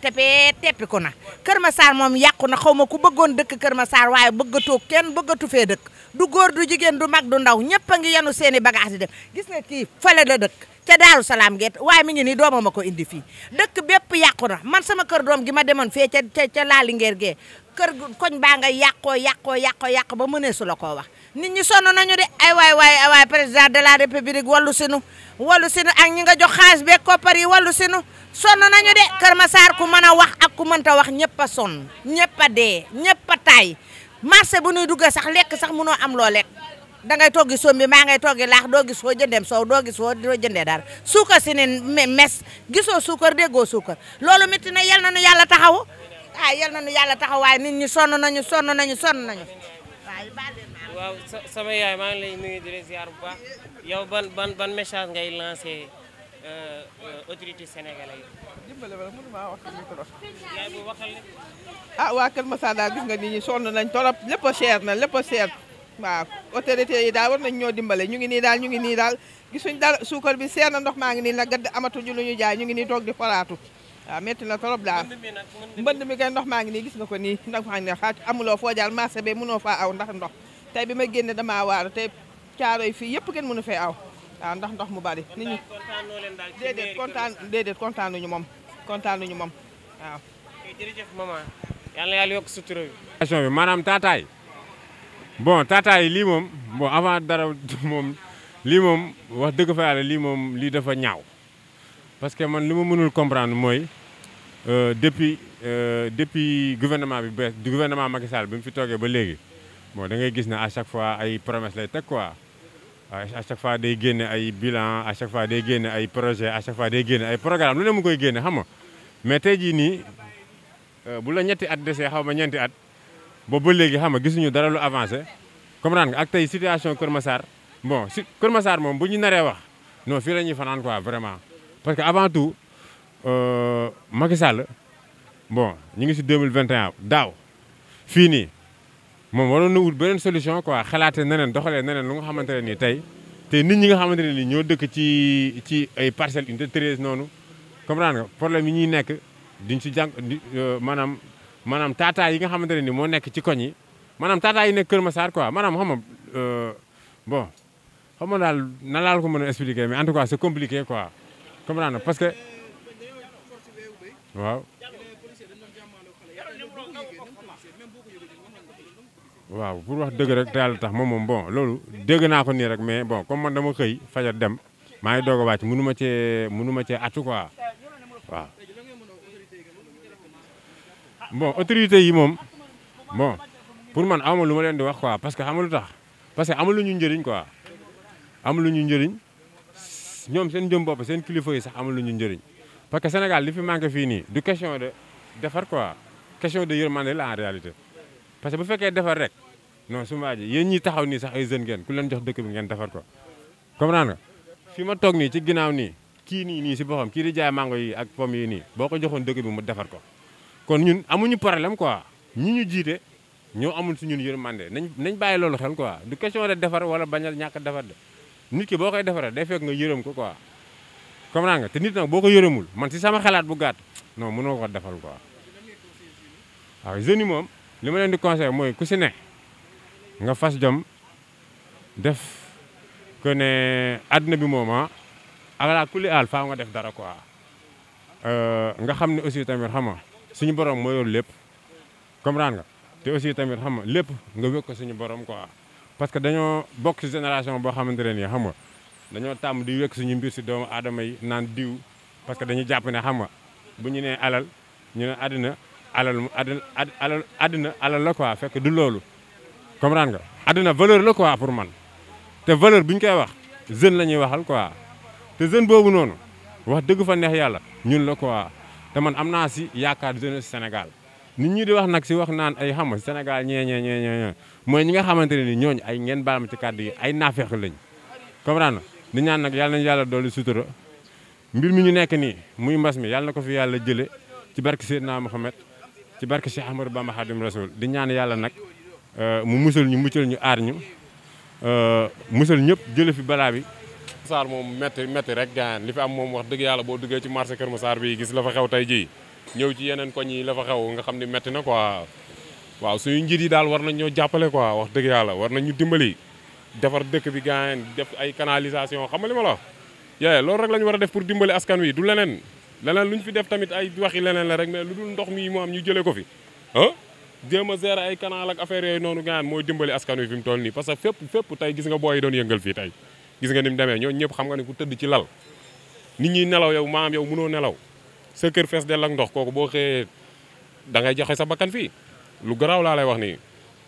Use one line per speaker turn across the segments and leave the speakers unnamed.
tepee teppiku na Kër Massar moom yàqu na xaw ma ku bëggoon dëkk Kër ma saar waaye bëggatoo kenn bëggatu fee dëkk du góor du jigéen du mag du ndaw ñëpp a ngi yenu seeni i bagage di gis nga kii fële la dëkk te Daaru Salaam geet waaye mi ngi nii doomam a ko indi fii dëkk bépp yàqu na man sama kër doom gi ma demoon fee ca ca ca Laalingeer gee kër koñ baa nga yàqoo yàqoo yàqoo yàq ba mënee su la koo wax nit ñi sonn nañu de ay waay waay ay waay président de la république wallu sinu wallu sinu ak ñi nga jox xaalis beeg koppar yi wallu sinu sonn nañu de Kër ma saar ku mën a wax ak ku mënta wax ñëpp a sonn ñëpp a dee ñëpp a taay marché bu ñuy dugga sax lekk sax mënoo am loo lekk da ngay toggi sombi maa ngay toggi laax doo gis foo jëndeem soow doo gis foo jëndee dara suukar si ne mes gisoo suukar déggoo suukar loolu métti na yal na nu yàlla taxaw waaye yal na nu yàlla taxawaay nit ñi sonn nañu sonn nañu sonn nañu waaye baal sama yaay maa ngi lay nuyu
di la ziar bu ban ban ban message ngay lancé euh, autorité sénégalais
yi ma mënu maa wax micro yaay bu waxal ne ah waa Kër
Masada gis nga nit ñi yi daal war nañ ñoo dimbale ñu ngi nii daal ñu ngi nii daal gisuñ dara suukar bi seer na ndox maa ngi nii nag gadd amatuñu lu ñu jaay ñu ngi nii toog di faraatu waaw métti na trop daal mbënd mi kay ndox maa ngi nii gis nga ko nii ndax xam ne amuloo foo jaal marché be mënoo faa aw ndax ndox tey bi ma génne damaa waaru tey caaro yi fii yëpp kenn mënu fee aw waaw ndax ndox mu bari nit ñi déedéet kontaan déedéet kontaanuñu moom kontaanuñu moom waaw
jërëjëf maman yàlla yàlla yokk sutura
bi maanaam taataay bon taataay lii moom bon avant dara mom lii moom wax dëgg fa yàlla lii moom lii dafa ñaaw parce que man li ma mënul comprendre euh, depuis euh, depuis gouvernement bi bees gouvernement Macky Sall bi fi toogee ba légui bon da ngay gis ne à chaque fois ay promesse lay teg quoi à chaque fois day génne ay bilan à chaque fois day génne ay projet à chaque fois day génne ay programme lu ne mu koy génne xam nga mais tey ni euh, bu la ñetti at desee xaw ma ñeenti at bo ba légui xam nga gisuñu dara lu avancer comprendre nga ak tay situation Kër Massar bon si Kër Massar moom bu ñu naree wax non fi lañuy ñuy quoi vraiment parce qu'avant avant tout euh, Macky Sall bon ñu ngi en 2021 fini fini. Je moom que wut une solution quoi xalaatee une que neneen lu nga xamante ne nit ñi nga parcelles 13 comprendre nga problème yi ñuy nekk Tata. si tata maanaam maanaam yi nga Tata ne que nekk ci koñ quoi Manam euh, bon expliquer mais en tout cas c'est compliqué quoi. comprendre parce que waaw waaw pour wax dëgg rek daal tax moom moom bon loolu dégg naa ko nii rek mais bon comme man dama xëy fajar dem maa ngi doog a wàcc mënu ma cee mënu ma cee atu quoi waaw bon yi moom bon pour man amul lu ma leen di wax quoi parce que amul lu tax parce que amul lu ñu njëriñ quoi amul lu ñu njëriñ ñoom seen jëm bopp seen kilifa yi sax amul nu ñu njëriñ parce que Sénégal li fi manqué fii nii du question de defar quoi question de yërmande la en réalité parce que bu fekkee defar rek non suma ma yéen ñi taxaw nii sax ay jeunes ngeen ku leen jox dëkk bi ngeen defar ko comprendre nga fi ma toog nii ci ginnaaw nii kii nii nii si boppam kii di jaay mango yi ak pomme yi nii boo ko joxoon dëkk bi mu defar ko kon ñun amuñu problème quoi ñi ñu jiite ñoo amul si ñun yërmande nañ nañ bàyyi loolu xel quoi du question de defar wala bañ ñàkk defar nit ki boo koy defaree day fekk nga yërëm ko quoi comprendre nga te nit nag boo ko yërëmul man si sama xalaat bu gàtt non mënoo ko defal quoi waaw jeunes yi moom li ma leen di conseil mooy ku si ne nga fas jom def que ne àdduna bi moom ah ala kulli aal faa nga def dara quoi euh, nga xam ne aussi tamit xam nga suñu borom moo lépp comprendre nga te aussi tamit xam nga lépp nga wékk ko suñu borom quoi. parce que dañoo bokk ci génération boo xamante ne nii xam nga dañoo tàmm di wekk suñu mbir si doomu aadama naan diw parce que dañuy jàpp ne xam nga bu ñu nee alal ñu ne àddina alal alal àddina alal fekk du loolu comprendre nga àddina valeur la quoi pour man te valeur bu ñu koy wax jeune la ñuy waxal quoi te jeune boobu noonu wax dëgg fa neex yàlla ñun la quoi te man am naa si yaakaar jeune Sénégal nit ñi di wax nag si wax naan ay xam Sénégal ñee ñee ñee ñee mooy ñi nga xamante ne ni ñooñu ay ngeen baal ma ci kàddu yi ay naafeex lañ comprendre di ñaan nag yàlla nañu yàlla doolu sutura mbir mi ñu nekk nii muy mbas mi yàlla na ko fi yàlla jële ci barke naa Mohamed ci barke Cheikh Ahmadou Bamba Khadim Rasoul di ñaan yàlla nag euh, mu musal ñu mucal ñu aar ñu euh, musal ñëpp
jële fi balaa bi Sarr moom métti métti rek gaan li fi am moom wax dëgg yàlla boo duggee ci marché Kër Massar bi gis la fa xew tey jii ñëw ci yeneen ko yi la fa xew nga xam ni metti na quoi waaw suñu njiit yi daal war nañ ñoo jàppale quoi wax dëgg yàlla war nañ ñu dimbali defar dëkk bi gaañeen def ay canalisation xam nga li ma loolu rek ñu war def pour dimbali askan wi du leneen leneen lu fi def tamit ay waxi leneen la rek mais lu dul ndox mi mu am ñu jëlee ko fi ah a gérer ay canal ak affaire yooyu noonu gaan mooy dimbali askan wi fi mu toll nii parce que fépp fépp tey gis nga booy yi doon yëngal fii tey gis nga ni mu demee ñoo ñëpp xam nga ne ku tëdd ci lal nit ñi nelaw yow maam yow mënoo nelaw sa kër fees dell ak ndox kooku boo xëyee da ngay joxé sa bakkan fi lu graw la lay wax ni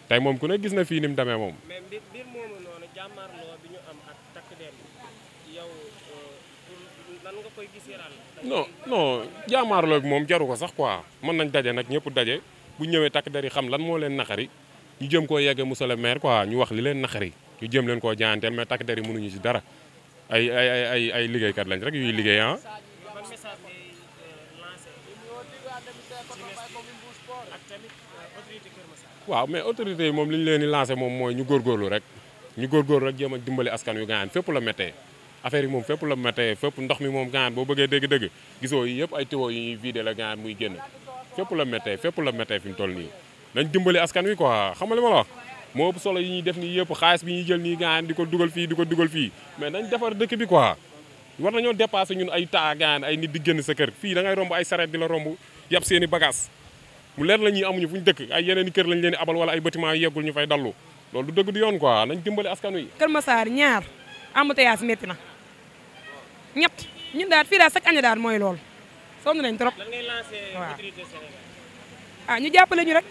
tay mom ku ne gis na fi nim mu mom moom. mais mbir moomu
noonu jàmmarloo bi ñu am ak takk der yow lan euh, nga koy gisee non non
jàmmarloo bi moom jaru ko sax quoi man nañ dajé nak ñepp dajé bu ñëwé tak der xam lan mo leen naxari ñu jëm ko yeggee monsieur le maire quoi ñu wax li leen naxari ñu jëm leen ko jaayanteel mais tak der mënu ñu ci dara ay ay ay ay kat lañ rek yu liggéey ah. waaw mais autorité yi moom li ñu leen di lancé moom mooy ñu góorgóorlu rek ñu góorgóorlu rek jéem a dimbali askan wi Ngayane fépp la méttee affaire yi moom fépp la méttee fépp ndox mi moom Ngayane boo bëggee dégg-dëgg gisoo yi yëpp ay tiwo yu ñuy vidé la Ngayane muy génn fépp la méttee fépp la méttee fi mu toll nii nañ dimbali askan wi quoi xam nga li ma la moo solo yi ñuy def nii yëpp xaalis bi ñuy jël nii Ngayane di ko dugal fii di ko dugal fii mais nañ defar dëkk bi quoi war nañoo dépassé ñun ay taa Ngayane ay nit di génn sa kër fii da ngay ay saret di la romb yàpp seeni bagage mu leer la amuñu fuñu dëkk ay yeneen kër lañ leen abal wala ay bâtiment yeggul ñu fay dallu loolu du dëgg du yoon quoi nañ dimbali askan wi.
Kër Massar ñaar embouteillage metti na ñet ñun daal fii daal sax année daal mooy lool sonn nañ trop ah ñu jàppale ñu rek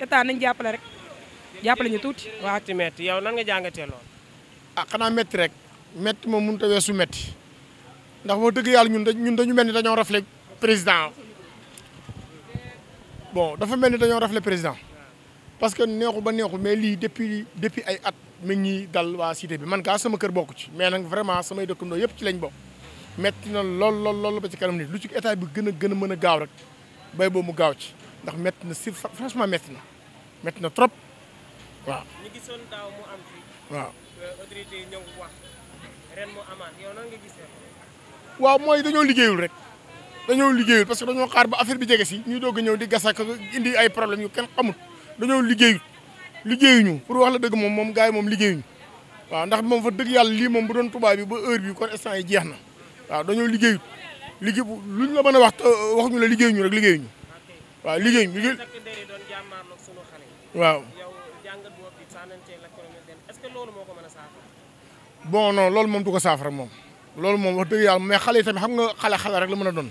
état nañ jàppale rek jàppale ñu tuuti. waaw ci metti yow nan nga jàngatee lool
ah xanaa metti rek metti moom mënut a weesu metti ndax boo dëgg yàlla ñun dañu mel ni dañoo raflé président. bon dafa melni dañu dañoo rafle président parce que neexu ba neexu mais li depuis depuis ay at mi ngi dal wa cité bi man ga sama kër bokku ci mais nak vraiment samay dëkkandoo yëpp ci lañ bok metti na lol lol lol ba ci kanam nit lu ci état bi gëna gëna mëna a gaaw rek bay bo mu gaaw ci ndax metti na franchement metti na metti na trop waaw.
ñu gisoon daaw mu am fi waaw euh, autorité yi wax ren mu amane yow nan nga gisee.
waaw moy dañu liggéeyul rek. dañoo liggéeyut parce que dañoo xaar ba affaire bi jege si ñuy doog ñëw di gas ak indi ay problème yu kenn xamut dañoo liggéeyut liggéeyuñu pour wax la dëgg moom moom gars yi moom liggéeyuñu waaw ndax moom fa dëgg yàlla lii moom bu doon tubaab bi ba heure bi kon instant yi jeex na waaw dañoo liggéeyut liggéey luñ la mën a wax waxuñu la liggéeyuñu rek liggéeyuñu waaw liggéeyuñu liggéey waaw bon non loolu moom du ko saafara moom loolu moom wax dëgg yàlla mais xale yi tamit xam nga xale xale rek la mën a doon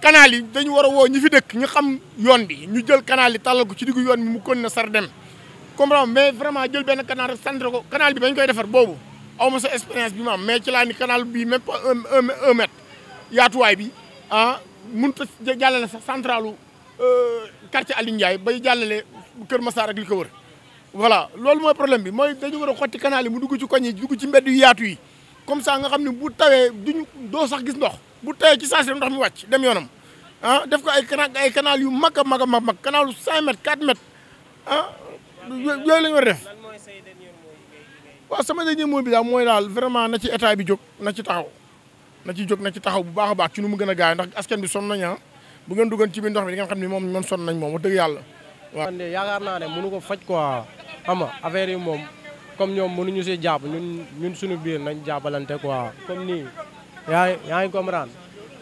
canal yi dañu war a woo ñi fi dëkk ñu xam yoon bi ñu jël canal yi tàllal ko ci diggu yoon bi mu kon na sar dem comprendre mais vraiment jël benn canal rek ko canal bi bañ koy defar boobu aw ma sa bi ma am mais ci laa ni canal bii même pas un un mètre yaatuwaay bi ah mënut a jàllale sa centralu euh, quartier Aliou Ndiaye bay jàllale Kër Massar ak li ko wër voilà loolu mooy problème bi mooy dañu war a xotti canal yi mu dugg ci koñ yi dugg ci mbedd yu yaatu yi comme sa nga xam ne bu tawee duñu doo sax gis ndox bu tay ci saa si ndox mi wacc dem yonam han ah, def ko ay canal ay canal yu maga maga mag a mag canal 5 m 4 m han yo lañu ñu war def wa sama dernier moy bi daal mooy daal vraiment na ci état bi jog na ci taxaw na ci jog na ci taxaw bu baakha baax ci nu mu gëna gaay ndax askan bi son nañ ah. bu ngeen duggan ci bi ndox mi di ngeen xam ne moom ñoom sonn nañ moom wax dëgg yàlla
waaw yaakaar naa ne mënu ko fajj quoi xam affaire yi mom comme ñom mënu ñu ci jàpp ñun ñun suñu biir nañ jàppalante quoi comme ni yaa yaa ngi comprendre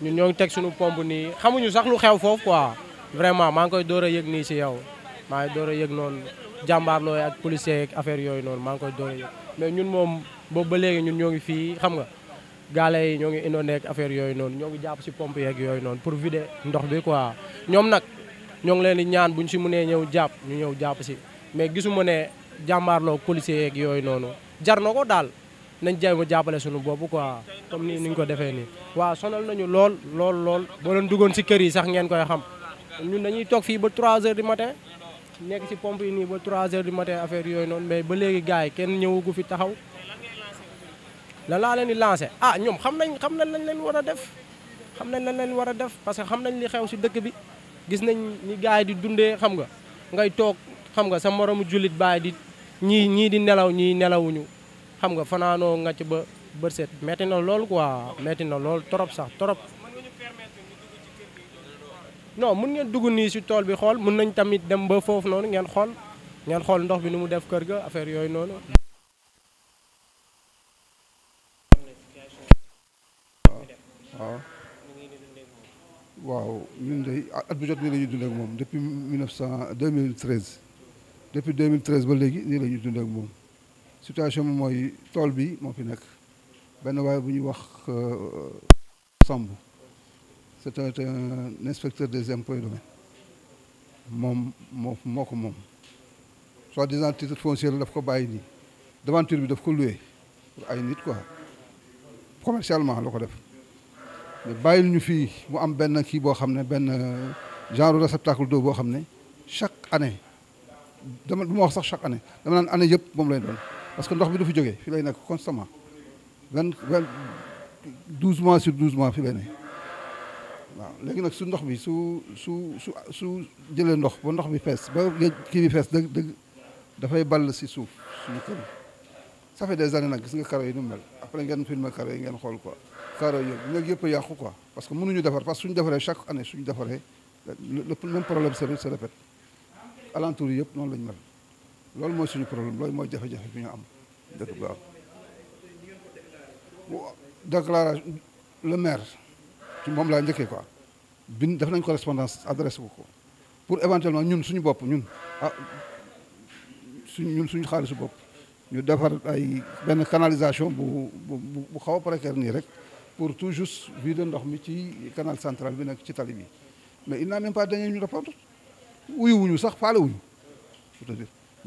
ñun ñoo ngi teg suñu pompe nii xamuñu sax lu xew foofu quoi vraiment maa ngi koy door a yëg nii si yow maa ngi door a yëg noonu jàmbaarloo ak policier ak affaire yooyu noonu maa ngi koy door a yëg mais ñun moom boobu ba léegi ñun ñoo ngi fii xam nga gaale yi ñoo ngi inondé ak affaire yooyu noonu ñoo ngi jàpp si pomp yeeg yooy noonu pour vide ndox bi quoi ñoom nag ñoo ngi leen di ñaan ñu si mënee ñëw jàpp ñu ñëw jàpp si mais gisuma ne jàmbaarloo policier yeeg yooyu noonu jar na ko daal nañ jéem a jàppale suñu bopp quoi comme ni ñu ko defee nii. waaw sonal nañu lool lool lool boo leen duggoon si kër yi sax ngeen koy xam ñun dañuy toog fii ba 3 heures du matin nekk si pompe yi nii ba 3 heures du matin affaire yooyu noonu mais ba léegi gars yi kenn ñëwagu fi taxaw la laa leen di lancé ah ñoom xam nañ xam nañ lañ leen war a def xam nañ lañ leen war a def parce que xam nañ li xew si dëkk bi gis nañ ni gars yi di dundee xam nga ngay toog xam nga sa moromu jullit bàyyi di ñii ñii di nelaw ñii nelawuñu. xam nga nga ci ba beurset metti na lol quoi metti na lol torop sax torop non mun ngeen dugg ni ci tol bi xol mun nañ tamit dem ba fof non ngeen xol ngeen xol ndox bi nu mu def keur ga affaire yoy non ah,
Wow, ñun at bu jot dund ak depuis 1900 2013 depuis 2013 ba dund situation bi mooy tool bi moo fi nekk benn waaye bu ñuy wax Samb c'est un inspecteur des impôts et domaines moom moo moo ko moom soi-disant titre foncier daf ko bàyyi nii devanture bi daf ko loué ay nit quoi commercialement la ko def mais bàyyil ñu fii mu am benn kii boo xam ne benn genre réceptacle d'eau boo xam ne chaque année dama du ma wax sax chaque année dama naan année yëpp moom lay doon parce que ndox bi du fi jógee fi lay nekk constamment vingt vingt douze mois sur douze mois fi waaw léegi nag su ndox bi su su su su jëlee ndox ba ndox bi fees ba kii bi fees dëgg dëgg dafay ball si suuf suñu kër ça fait des années nag gis nga caro nu mel après ngeen filmer caro yi ngeen xool quoi caro yi léegi yëpp yàqu quoi parce que mënuñu defar parce que suñu defaree chaque année suñu defaree le même problème se répète alentour yi yëpp noonu lañ mel loolu mooy suñu problème loolu mooy jafe-jafe bi ñu am dëkk bi déclaration le maire ci moom laa njëkkee ko bin def nañ correspondance adresse ko ko pour éventuellement ñun suñu bopp ñun ah ñun suñu xaalisu bopp ñu defar ay benn canalisation bu bu bu xaw a précaire nii rek pour tout juste vider ndox mi ci canal central bi nekk ci tali bi mais il n'a même ñu répondre wuyu wuñu sax faale wuñu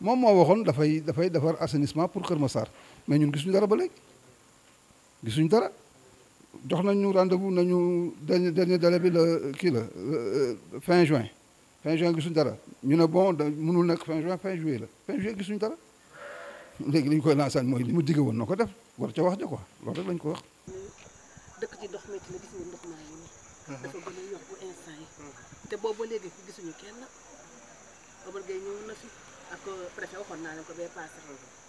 moom moo waxoon dafay dafay defar assainissement pour Kër Massar mais ñun gisuñu dara ba léegi gisuñu dara jox nañu rendez-vous nañu dernier dernier délai bi le kii la fin juin fin juin gisuñu dara ñu ne bon mënul nekk fin juin fin juillet la fin juillet gisuñu dara léegi li ñu koy lancé mooy li mu digg woon na ko def war ca wax ja quoi loolu rek lañ ko wax.
dëkk ci ndox métti la gis nga ndox maa ngi nii. dafa gën a yokk instant yi. te boobu ba léegi gisuñu kenn Omar Gueye ñëw na fi. ak euh, préfet waxoon naa leen ko bee passé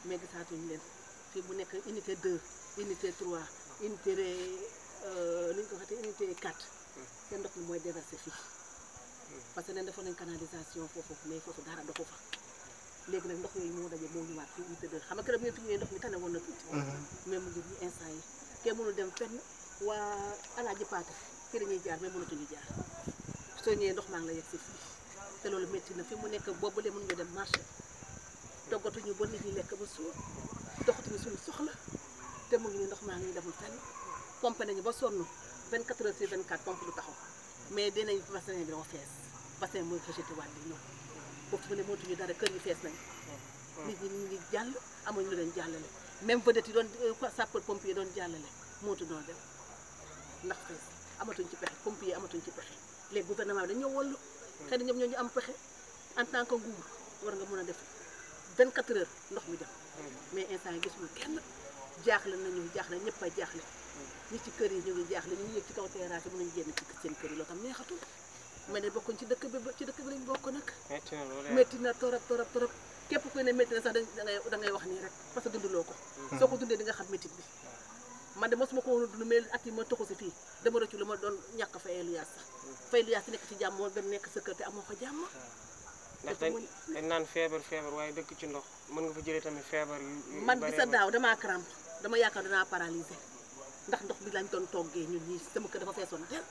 mais gisaatuñu leen fii bu nekk unité 2 unité 3 unité li euh, ñu ko waxee unité 4 seen ndox mi mooy déversé fii parce que neen defoon nañ canalisation foofu mais foofu dara doxu fa léegi nag ndox yooyu moo daje moo ñëwaat fii unité 2 xam nga keroog ñun fi ñu ne ndox mi woon na tuuti mais mu ngi nii instant yi kenn mënul dem fenn waa alaaji paate fii la ñuy jaar mais mënatuñu jaar soo ñëwee ndox maa ngi la yegg si fii te loolu métti na fi mu nekk boobu lee mën ñu dem marché toggatuñu ba nit ñi lekk ba suur doxatuñu suñu soxla te mu ngi ni ndox maa ngi demul fenn pompe nañu ba sonn 24 heures sur 24 pompe du taxaw mais dinañ bassin bi dafa fees bassin mooy rejeté wàll yi ñoom foofu mu ne mootuñu dara fees nañ nit ñi ñu ngi jàll amuñu lu leen jàllale même vedette yi doon euh, sapeur pompier yi doon jàllale doon dem ndax fees amatuñ ci pexe pompier amatuñ ci pexe léegi gouvernement bi dañoo wollu xëy na ñoom ñoo ñu am pexe en tant que nguur war nga mën a def 24 heures ndox mi dem mais instant yi gisul kenn jaaxle nañu jaaxle ñëpp a jaaxle ñi ci kër yi ñu ngi jaaxle ñu yëg ci kaw terrasse yi mën nañu génn ci seen kër yi loo tam neexatul mais ne bokkuñ ci dëkk bi ci dëkk bi lañ bokk nag métti na torop torop torop képp kuy ne métti na sax dangay da ngay wax nii rek parce que dunduloo ko mm-hmm. soo ko dundee di nga xam métti bi man de mosuma ko woon dund mais at yi ma toxu si fii dama rëccu lu ma doon ñàkk fa eelu yaas sax fay lu yaa nekk ci jàmm moo gën nekk sa kër te amoo fa jàmm. Ah.
ndax dañ naan feebar feebar waaye dëkk ci ndox mën nga fa jëlee tamit feebar yu man bi
damaa crampe dama yaakaar danaa paralysé ndax ndox bi lañ doon toggee ñu ñii sama kër dafa feesoon jël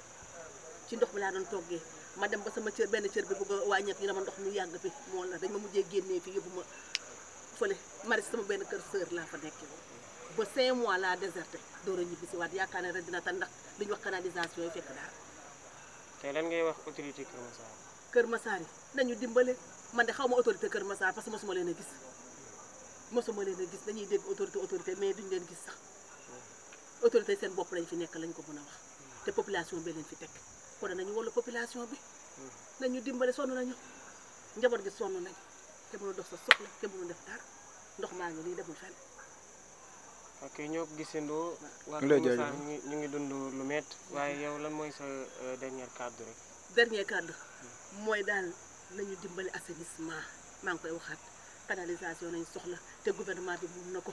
ci ndox bi laa doon toggee ma dem ba sama cër benn cër bi bëgg a wàññeeku dama ndox mi yàgg fi moo la dañ ma mujjee génnee fi yóbbu ma fële mari sama benn kër sœur laa fa nekkee ba cinq mois laa déserté door a ñibbi si waat yaakaar ne ren dina tan ndax li ñu wax canalisation yi fekk
tey lan ngay wax autorité Kër Massar.
Kër Massar yi nañu dimbale man de xaw ma autorité Kër Massar parce que ma leen a gis mosuma leen a gis dañuy dégg autorité autorité mais duñ leen gis sax autorité seen bopp lañ fi nekk lañ ko mën a wax te population bi leen fi teg kon nañu wala population bi. nañu dimbale sonn nañu njaboot gi sonn nañu te mënul dox sa soxla te mënul def dara ndox maa ngi nii demul fenn.
ok ñoo ko gisandoo. ñu lay jaajëfal ñu ñu ngi dund lu métti waaye yow lan mooy sa euh, dernier cadre rek.
dernier cadre hmm. mooy daal nañu dimbali assainissement maa ngi koy waxaat canalisation nañu soxla te gouvernement bi mun na ko.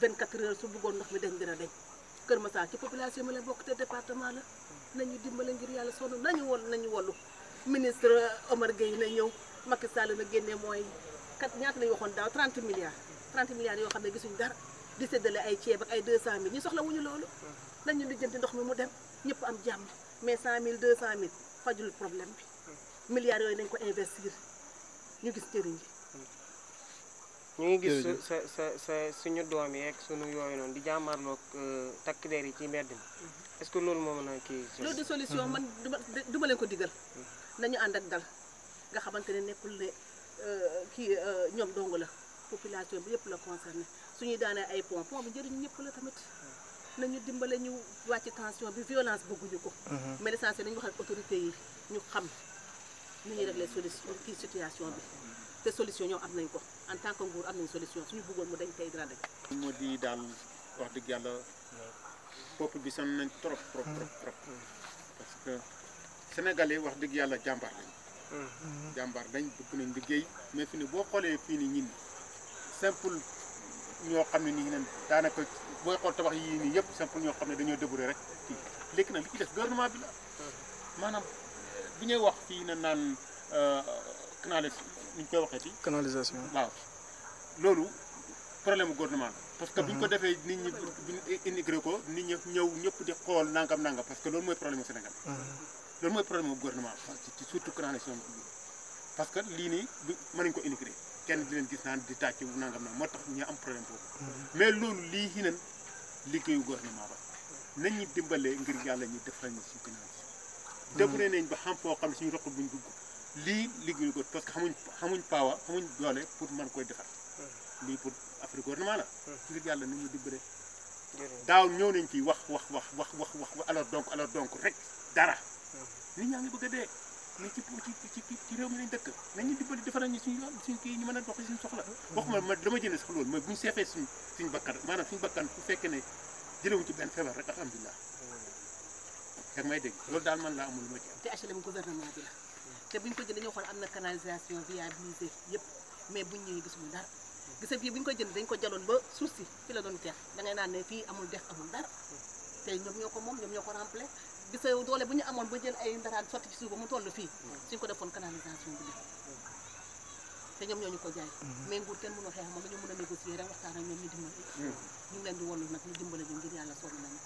24 hmm. heures su bëggoon ndox mi dañ a dañ. Kër Massar ci population bi la bokk te département la hmm. nañu dimbale ngir yàlla sonn nañu wol nañu wollu ministre Omar Gueye na ñëw Macky Sall na génne mooy kat ñaata la ñu waxoon daaw 30 milliards 30 milliards yoo xam ne gisuñu dara. di séddale ay ceeb ak ay 200000 ñu soxla wuñu loolu nañu lijjanti ndox mi mu dem ñëpp am jàmm mais 100000 200000 fajul problème bi milliards yooyu nañ ko investir ñu gis njëriñ bi ñu
ngi gis sa sa sa suñu doom yi ak suñu yooyu noonu di jàmmarloog euh, takk der yi ci mbedd mi mhm. est-ce loolu moo mën kii loolu de solution mhm. man
du ma leen ko digal mhm. nañu ànd ak dal nga xamante ne nekkul ne euh, kii euh, ñoom dong la population bi yëpp la concerné su suñuy daanee ay pont pont bi njëriñ ñëpp la tamit nañu dimbale ñu wàcc tension bi violence bëgguñu ko mhm. mais l'essentiel nañu wax ak autorité yi ñu xam ni ñuy régler solution kii situation bi te solution ñoom am nañ ko en tant que nguur am nañ solution suñu bëggoon mu dañ tey dina dañ
moo di daal wax dëgg yàlla peuple bi sonn nañ trop trop trop mhm. parce que sénégalais wax dëgg yàlla jàmbaar lañ mhm. jàmbaar nañ bëgg nañ liggéey mais fi ni boo xoolee fii ni ñin simple ñoo xam ne nii daanaka booy xool tabax yii nii yëpp simple ñoo xam ne dañoo débrouillé rek kii léegi nag li ci def gouvernement bi la maanaam bi ñuy wax fii na naan euh, canali ni ñu koy waxee ci canalisation waaw loolu problème gouvernement parce que bu ko mhm. defee nit ñi intégré ko nit ñi ñëw ñëpp di xool nangam nangam parce que loolu mooy problème Sénégal mhm. loolu mooy problème gouvernement surtout canalisation parce que lii nii nañ ko intégré kenn di leen gis naan di tàcc bu nangam na moo tax ñu am problème boobu mais loolu lii hinan liggéeyu gouvernement ba nañ ñu dimbalee ngir yàlla ñu def defal ñu suñu gën a débure nañ ba xam foo xam ne suñu roq dugg lii liggéeyu ko parce que xamuñ xamuñ paawa xamuñ doole pour mën koy defar lii pour affaire gouvernement la ngir yàlla nañ ñu dimbalee daaw ñëw nañ fii wax wax wax wax wax wax alors donc alors donc rek dara nit ñaa ngi bëgg dee mais ci ci ci ci réew mi lañ dëkk nañu dimbali defaral ñu suñu yoon suñu kii mën a dox suñu soxla waxuma ma dama jënd sax bu ñu seefee suñu suñu bakkan maanaam suñu bakkan bu fekkee ne jëlewuñ ci loolu daal man laa amul lu ma ci am
te HLM gouvernement bi la te buñ ko jënd na canalisation viabilisée mais buñ ñëwee gisuñu dara gisa fii bu ñu ko jënd dañ ko jaloon ba suuf si fi la doon teex da ngay naan ne fii amul dex amul dara te ñoom ñoo ko moom ñoom ñoo ko remplé gisa doole bu ñu amoon ba jël ay ndaraan sotti ci suuf ba mu toll fii suñ ko defoon canalisation bi def te ñoom ñoo ñu ko jaay mhm. mais nguur kenn mënu xeex moom dañu mën a négocier rek waxtaan
ak ñoom ñu dimbali mhm. ñu ngi leen di wollu nag ñu dimbali ñu ngir yàlla sonn nañu